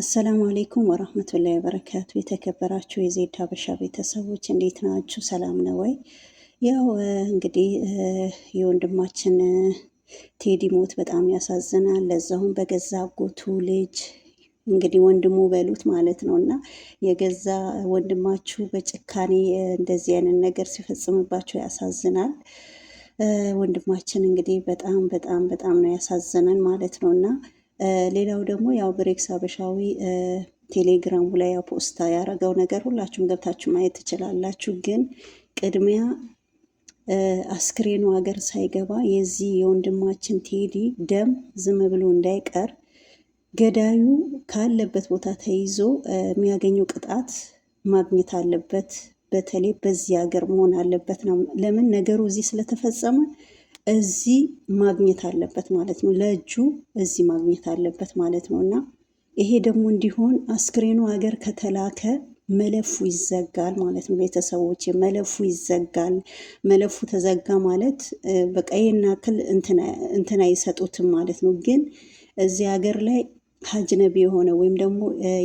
አሰላሙ አሌይኩም ወራህመቱላሂ ወበረካቱ። የተከበራችሁ የዜድ ሀበሻ ቤተሰቦች እንዴት ናችሁ? ሰላም ነው ወይ? ያው እንግዲህ የወንድማችን ቴዲ ሞት በጣም ያሳዝናል። ለዛውም በገዛ አጎቱ ልጅ እንግዲህ ወንድሙ በሉት ማለት ነው እና የገዛ ወንድማችሁ በጭካኔ እንደዚህ አይነት ነገር ሲፈጽምባቸው ያሳዝናል። ወንድማችን እንግዲህ በጣም በጣም በጣም ነው ያሳዘነን ማለት ነው እና ሌላው ደግሞ ያው ብሬክስ ሀበሻዊ ቴሌግራሙ ላይ ያው ፖስታ ያደረገው ነገር ሁላችሁም ገብታችሁ ማየት ትችላላችሁ። ግን ቅድሚያ አስክሬኑ ሀገር ሳይገባ የዚህ የወንድማችን ቴዲ ደም ዝም ብሎ እንዳይቀር ገዳዩ ካለበት ቦታ ተይዞ የሚያገኘው ቅጣት ማግኘት አለበት። በተለይ በዚህ ሀገር መሆን አለበት ነው። ለምን ነገሩ እዚህ ስለተፈጸመ እዚህ ማግኘት አለበት ማለት ነው። ለእጁ እዚህ ማግኘት አለበት ማለት ነው እና ይሄ ደግሞ እንዲሆን አስክሬኑ ሀገር ከተላከ መለፉ ይዘጋል ማለት ነው። ቤተሰቦች መለፉ ይዘጋል። መለፉ ተዘጋ ማለት በቃ ይህን ያክል እንትን አይሰጡትም ማለት ነው። ግን እዚህ ሀገር ላይ አጅነቢ የሆነ ወይም ደግሞ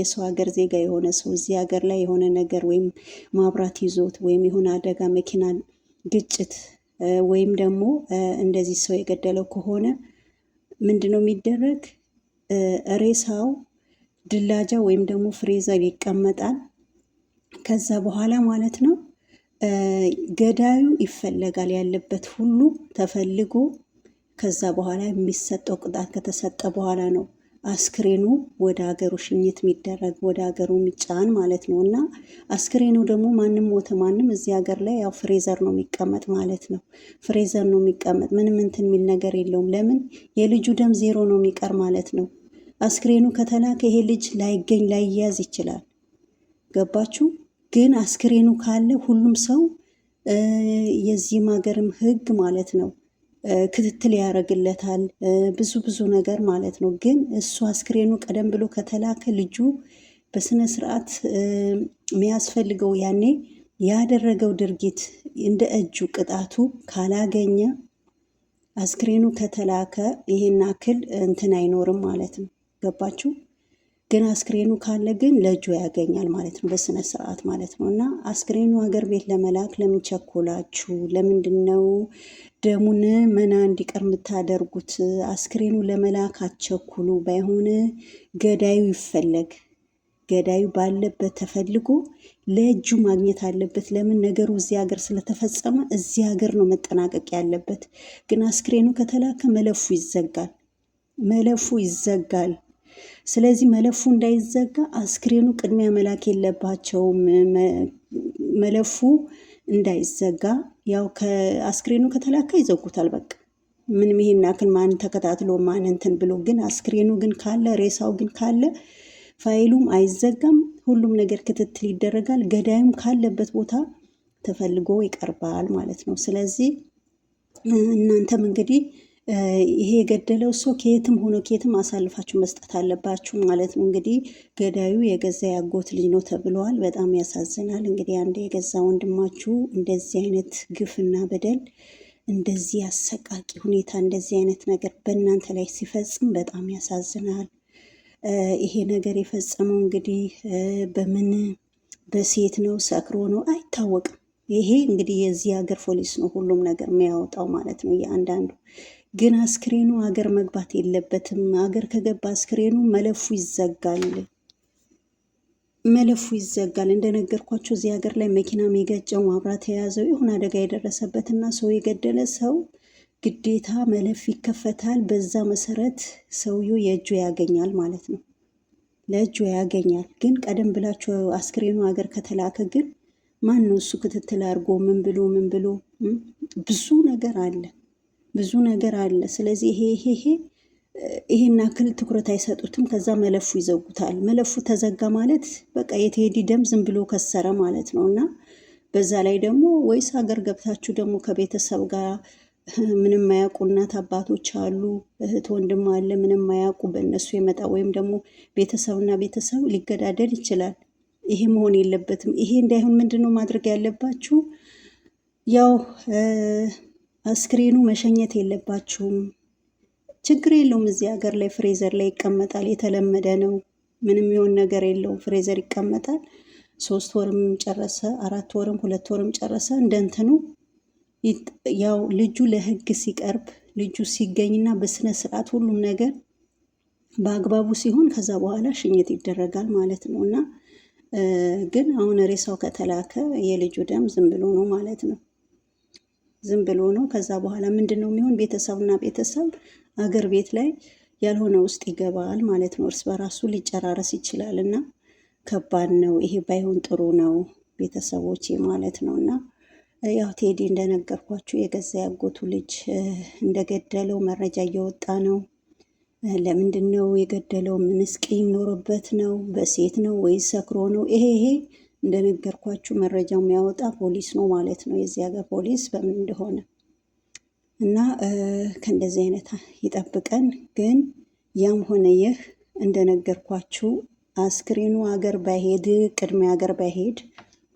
የሰው ሀገር ዜጋ የሆነ ሰው እዚህ ሀገር ላይ የሆነ ነገር ወይም ማብራት ይዞት ወይም የሆነ አደጋ መኪና ግጭት ወይም ደግሞ እንደዚህ ሰው የገደለው ከሆነ ምንድን ነው የሚደረግ? ሬሳው ድላጃ ወይም ደግሞ ፍሬዘር ይቀመጣል። ከዛ በኋላ ማለት ነው ገዳዩ ይፈለጋል። ያለበት ሁሉ ተፈልጎ ከዛ በኋላ የሚሰጠው ቅጣት ከተሰጠ በኋላ ነው አስክሬኑ ወደ ሀገሩ ሽኝት የሚደረግ ወደ ሀገሩ የሚጫን ማለት ነው እና አስክሬኑ ደግሞ ማንም ሞተ ማንም እዚህ ሀገር ላይ ያው ፍሬዘር ነው የሚቀመጥ ማለት ነው። ፍሬዘር ነው የሚቀመጥ ምንም እንትን የሚል ነገር የለውም። ለምን የልጁ ደም ዜሮ ነው የሚቀር ማለት ነው። አስክሬኑ ከተላከ ይሄ ልጅ ላይገኝ ላይያዝ ይችላል። ገባችሁ? ግን አስክሬኑ ካለ ሁሉም ሰው የዚህም ሀገርም ህግ ማለት ነው ክትትል ያደርግለታል። ብዙ ብዙ ነገር ማለት ነው። ግን እሱ አስክሬኑ ቀደም ብሎ ከተላከ ልጁ በስነ ስርዓት የሚያስፈልገው ያኔ ያደረገው ድርጊት እንደ እጁ ቅጣቱ ካላገኘ አስክሬኑ ከተላከ ይሄን አክል እንትን አይኖርም ማለት ነው። ገባችሁ? ግን አስክሬኑ ካለ ግን ለእጁ ያገኛል ማለት ነው፣ በስነ ስርዓት ማለት ነው። እና አስክሬኑ ሀገር ቤት ለመላክ ለምን ቸኮላችሁ? ለምንድን ነው ደሙን መና እንዲቀር የምታደርጉት አስክሬኑ ለመላክ አትቸኩሉ። ባይሆን ገዳዩ ይፈለግ፣ ገዳዩ ባለበት ተፈልጎ ለእጁ ማግኘት አለበት። ለምን ነገሩ እዚህ ሀገር ስለተፈጸመ እዚህ ሀገር ነው መጠናቀቅ ያለበት። ግን አስክሬኑ ከተላከ መለፉ ይዘጋል፣ መለፉ ይዘጋል። ስለዚህ መለፉ እንዳይዘጋ አስክሬኑ ቅድሚያ መላክ የለባቸውም። መለፉ እንዳይዘጋ ያው አስክሬኑ ከተላካ ይዘጉታል። በቃ ምንም ይሄን ያክል ማን ተከታትሎ ማን እንትን ብሎ ግን አስክሬኑ ግን ካለ ሬሳው ግን ካለ ፋይሉም አይዘጋም። ሁሉም ነገር ክትትል ይደረጋል። ገዳዩም ካለበት ቦታ ተፈልጎ ይቀርባል ማለት ነው። ስለዚህ እናንተም እንግዲህ ይሄ የገደለው ሰው ከየትም ሆኖ ከየትም አሳልፋችሁ መስጠት አለባችሁ ማለት ነው። እንግዲህ ገዳዩ የገዛ ያጎት ልጅ ነው ተብለዋል። በጣም ያሳዝናል። እንግዲህ አንድ የገዛ ወንድማችሁ እንደዚህ አይነት ግፍና በደል፣ እንደዚህ አሰቃቂ ሁኔታ፣ እንደዚህ አይነት ነገር በእናንተ ላይ ሲፈጽም በጣም ያሳዝናል። ይሄ ነገር የፈጸመው እንግዲህ በምን በሴት ነው ሰክሮ ነው አይታወቅም። ይሄ እንግዲህ የዚህ ሀገር ፖሊስ ነው ሁሉም ነገር የሚያወጣው ማለት ነው እያንዳንዱ ግን አስክሬኑ አገር መግባት የለበትም። አገር ከገባ አስክሬኑ መለፉ ይዘጋል፣ መለፉ ይዘጋል። እንደነገርኳቸው እዚህ ሀገር ላይ መኪና የገጨው ማብራት የያዘው የሆነ አደጋ የደረሰበት እና ሰው የገደለ ሰው ግዴታ መለፍ ይከፈታል። በዛ መሰረት ሰውየው የእጁ ያገኛል ማለት ነው፣ ለእጁ ያገኛል። ግን ቀደም ብላቸው አስክሬኑ ሀገር ከተላከ ግን ማን ነው እሱ ክትትል አድርጎ ምን ብሎ ምን ብሎ ብዙ ነገር አለ። ብዙ ነገር አለ። ስለዚህ ይሄ ይሄ ይሄን አክል ትኩረት አይሰጡትም። ከዛ መለፉ ይዘጉታል። መለፉ ተዘጋ ማለት በቃ የቴዲ ደም ዝም ብሎ ከሰረ ማለት ነው እና በዛ ላይ ደግሞ ወይስ ሀገር ገብታችሁ ደግሞ ከቤተሰብ ጋር ምንም ማያውቁ እናት አባቶች አሉ፣ እህት ወንድም አለ፣ ምንም ማያውቁ በእነሱ የመጣ ወይም ደግሞ ቤተሰብና ቤተሰብ ሊገዳደል ይችላል። ይሄ መሆን የለበትም። ይሄ እንዳይሆን ምንድን ነው ማድረግ ያለባችሁ ያው አስክሬኑ መሸኘት የለባችሁም። ችግር የለውም። እዚህ ሀገር ላይ ፍሬዘር ላይ ይቀመጣል፣ የተለመደ ነው። ምንም የሆን ነገር የለውም። ፍሬዘር ይቀመጣል። ሶስት ወርም ጨረሰ፣ አራት ወርም ሁለት ወርም ጨረሰ፣ እንደንትኑ ያው ልጁ ለህግ ሲቀርብ ልጁ ሲገኝና በስነ ስርዓት ሁሉም ነገር በአግባቡ ሲሆን ከዛ በኋላ ሽኝት ይደረጋል ማለት ነው። እና ግን አሁን ሬሳው ከተላከ የልጁ ደም ዝም ብሎ ነው ማለት ነው። ዝም ብሎ ነው። ከዛ በኋላ ምንድን ነው የሚሆን? ቤተሰብና ቤተሰብ አገር ቤት ላይ ያልሆነ ውስጥ ይገባል ማለት ነው። እርስ በራሱ ሊጨራረስ ይችላል እና ከባድ ነው። ይሄ ባይሆን ጥሩ ነው ቤተሰቦች ማለት ነው። እና ያው ቴዲ እንደነገርኳችሁ የገዛ ያጎቱ ልጅ እንደገደለው መረጃ እየወጣ ነው። ለምንድን ነው የገደለው? ምንስ ቂም ኖሮበት ነው? በሴት ነው ወይስ ሰክሮ ነው? ይሄ ይሄ እንደነገርኳችሁ መረጃው የሚያወጣ ፖሊስ ነው ማለት ነው። የዚህ ሀገር ፖሊስ በምን እንደሆነ እና ከእንደዚህ አይነት ይጠብቀን። ግን ያም ሆነ ይህ እንደነገርኳችሁ አስክሬኑ አገር ባይሄድ ቅድሚያ ሀገር ባይሄድ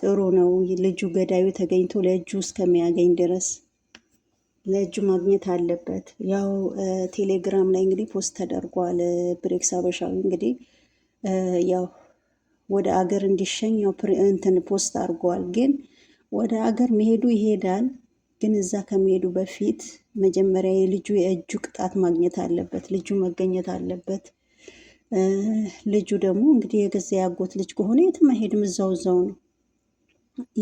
ጥሩ ነው። ልጁ ገዳዩ ተገኝቶ ለእጁ እስከሚያገኝ ድረስ ለእጁ ማግኘት አለበት። ያው ቴሌግራም ላይ እንግዲህ ፖስት ተደርጓል። ብሬክስ አበሻዊ እንግዲህ ያው ወደ አገር እንዲሸኝ ያው እንትን ፖስት አድርገዋል። ግን ወደ አገር መሄዱ ይሄዳል። ግን እዛ ከመሄዱ በፊት መጀመሪያ የልጁ የእጁ ቅጣት ማግኘት አለበት። ልጁ መገኘት አለበት። ልጁ ደግሞ እንግዲህ የገዛ ያጎት ልጅ ከሆነ የትም አይሄድም፣ እዛው እዛው ነው።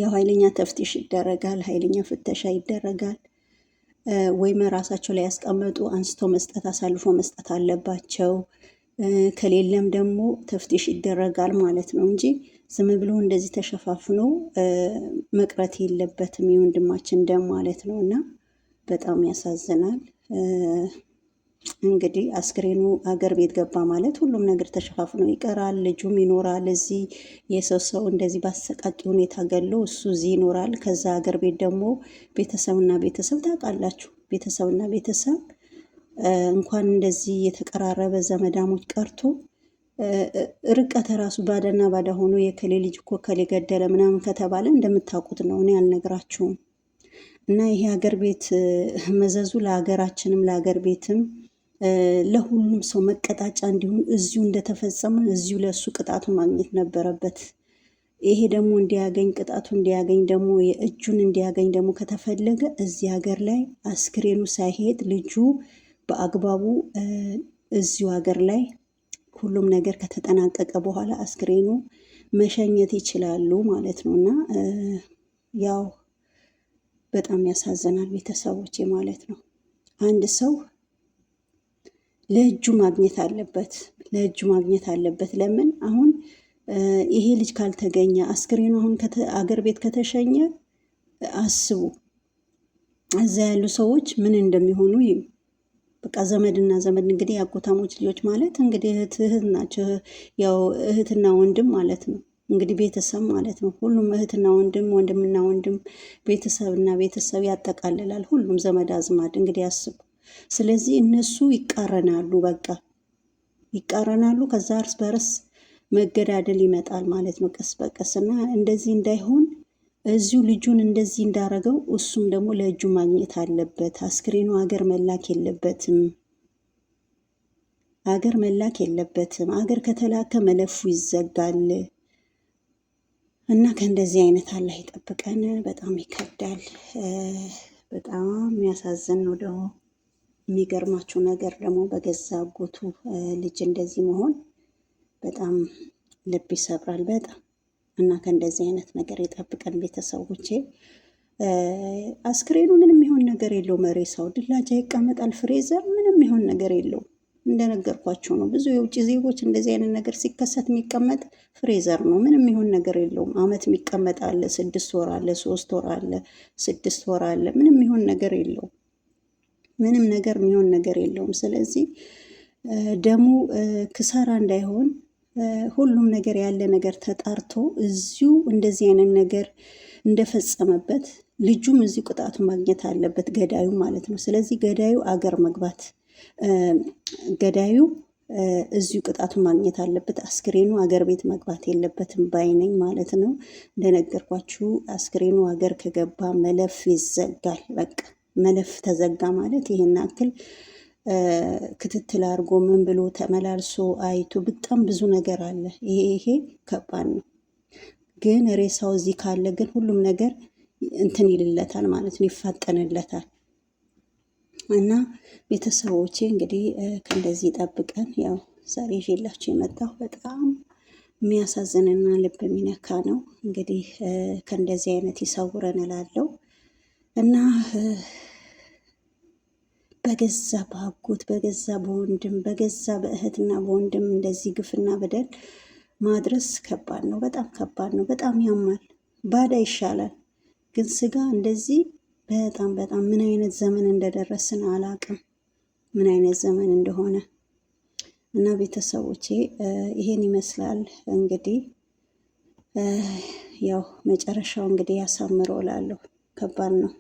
ያው ኃይለኛ ተፍቲሽ ይደረጋል፣ ኃይለኛ ፍተሻ ይደረጋል። ወይም ራሳቸው ላይ ያስቀመጡ አንስቶ መስጠት፣ አሳልፎ መስጠት አለባቸው። ከሌለም ደግሞ ተፍቲሽ ይደረጋል ማለት ነው እንጂ ዝም ብሎ እንደዚህ ተሸፋፍኖ መቅረት የለበትም። የወንድማችን ደም ማለት ነው እና በጣም ያሳዝናል። እንግዲህ አስክሬኑ አገር ቤት ገባ ማለት ሁሉም ነገር ተሸፋፍኖ ይቀራል። ልጁም ይኖራል እዚህ የሰው ሰው እንደዚህ በአሰቃቂ ሁኔታ ገሎ እሱ እዚህ ይኖራል። ከዛ አገር ቤት ደግሞ ቤተሰብና ቤተሰብ ታውቃላችሁ፣ ቤተሰብና ቤተሰብ እንኳን እንደዚህ የተቀራረበ ዘመዳሞች ቀርቶ ርቀት ራሱ ባዳና ባዳ ሆኖ የከሌ ልጅ እኮ ከሌ ገደለ ምናምን ከተባለ እንደምታውቁት ነው። እኔ አልነግራችሁም። እና ይሄ ሀገር ቤት መዘዙ ለሀገራችንም ለሀገር ቤትም ለሁሉም ሰው መቀጣጫ እንዲሁም እዚሁ እንደተፈጸመ እዚሁ ለእሱ ቅጣቱ ማግኘት ነበረበት። ይሄ ደግሞ እንዲያገኝ ቅጣቱ እንዲያገኝ ደግሞ የእጁን እንዲያገኝ ደግሞ ከተፈለገ እዚህ ሀገር ላይ አስክሬኑ ሳይሄድ ልጁ በአግባቡ እዚሁ ሀገር ላይ ሁሉም ነገር ከተጠናቀቀ በኋላ አስክሬኑ መሸኘት ይችላሉ ማለት ነው እና ያው በጣም ያሳዝናል ቤተሰቦች ማለት ነው። አንድ ሰው ለእጁ ማግኘት አለበት፣ ለእጁ ማግኘት አለበት። ለምን አሁን ይሄ ልጅ ካልተገኘ አስክሬኑ አሁን አገር ቤት ከተሸኘ አስቡ እዛ ያሉ ሰዎች ምን እንደሚሆኑ በቃ ዘመድና ዘመድ እንግዲህ የአጎታሞች ልጆች ማለት እንግዲህ እህት እህት ናቸው። ያው እህትና ወንድም ማለት ነው እንግዲህ ቤተሰብ ማለት ነው። ሁሉም እህትና ወንድም፣ ወንድምና ወንድም፣ ቤተሰብና ቤተሰብ ያጠቃልላል። ሁሉም ዘመድ አዝማድ እንግዲህ ያስቡ። ስለዚህ እነሱ ይቃረናሉ፣ በቃ ይቃረናሉ። ከዛ እርስ በርስ መገዳደል ይመጣል ማለት ነው ቀስ በቀስ እና እንደዚህ እንዳይሆን እዚሁ ልጁን እንደዚህ እንዳረገው እሱም ደግሞ ለእጁ ማግኘት አለበት። አስክሬኑ አገር መላክ የለበትም። አገር መላክ የለበትም። አገር ከተላከ መለፉ ይዘጋል እና ከእንደዚህ አይነት አላህ ይጠብቀን። በጣም ይከብዳል። በጣም የሚያሳዝን ነው። ደግሞ የሚገርማችሁ ነገር ደግሞ በገዛ አጎቱ ልጅ እንደዚህ መሆን በጣም ልብ ይሰብራል። በጣም እና ከእንደዚህ አይነት ነገር የጠብቀን ቤተሰቦቼ። አስክሬኑ ምንም ይሆን ነገር የለውም። መሬሳው ድላጃ ይቀመጣል፣ ፍሬዘር ምንም ይሆን ነገር የለው እንደነገርኳቸው ነው። ብዙ የውጭ ዜጎች እንደዚህ አይነት ነገር ሲከሰት የሚቀመጥ ፍሬዘር ነው። ምንም ይሆን ነገር የለውም። አመት የሚቀመጥ አለ፣ ስድስት ወር አለ፣ ሶስት ወር አለ፣ ስድስት ወር አለ። ምንም ይሆን ነገር የለው። ምንም ነገር የሚሆን ነገር የለውም። ስለዚህ ደሙ ክሳራ እንዳይሆን ሁሉም ነገር ያለ ነገር ተጣርቶ እዚሁ እንደዚህ አይነት ነገር እንደፈጸመበት ልጁም እዚህ ቅጣቱ ማግኘት አለበት፣ ገዳዩ ማለት ነው። ስለዚህ ገዳዩ አገር መግባት ገዳዩ እዚሁ ቅጣቱ ማግኘት አለበት። አስክሬኑ አገር ቤት መግባት የለበትም ባይነኝ ማለት ነው። እንደነገርኳችሁ አስክሬኑ አገር ከገባ መለፍ ይዘጋል። በቃ መለፍ ተዘጋ ማለት ይሄን አክል ክትትል አድርጎ ምን ብሎ ተመላልሶ አይቶ በጣም ብዙ ነገር አለ። ይሄ ይሄ ከባድ ነው። ግን ሬሳው እዚህ ካለ ግን ሁሉም ነገር እንትን ይልለታል ማለት ነው፣ ይፋጠንለታል። እና ቤተሰቦቼ እንግዲህ ከእንደዚህ ጠብቀን ያው ዛሬ ይዤላችሁ የመጣሁ በጣም የሚያሳዝንና ልብ የሚነካ ነው። እንግዲህ ከእንደዚህ አይነት ይሰውረን እላለሁ እና በገዛ በአጎት በገዛ በወንድም በገዛ በእህትና በወንድም እንደዚህ ግፍና በደል ማድረስ ከባድ ነው። በጣም ከባድ ነው። በጣም ያማል። ባዳ ይሻላል፣ ግን ስጋ እንደዚህ በጣም በጣም ምን አይነት ዘመን እንደደረስን አላቅም፣ ምን አይነት ዘመን እንደሆነ እና ቤተሰቦቼ ይሄን ይመስላል እንግዲህ ያው መጨረሻው እንግዲህ ያሳምረው እላለሁ። ከባድ ነው።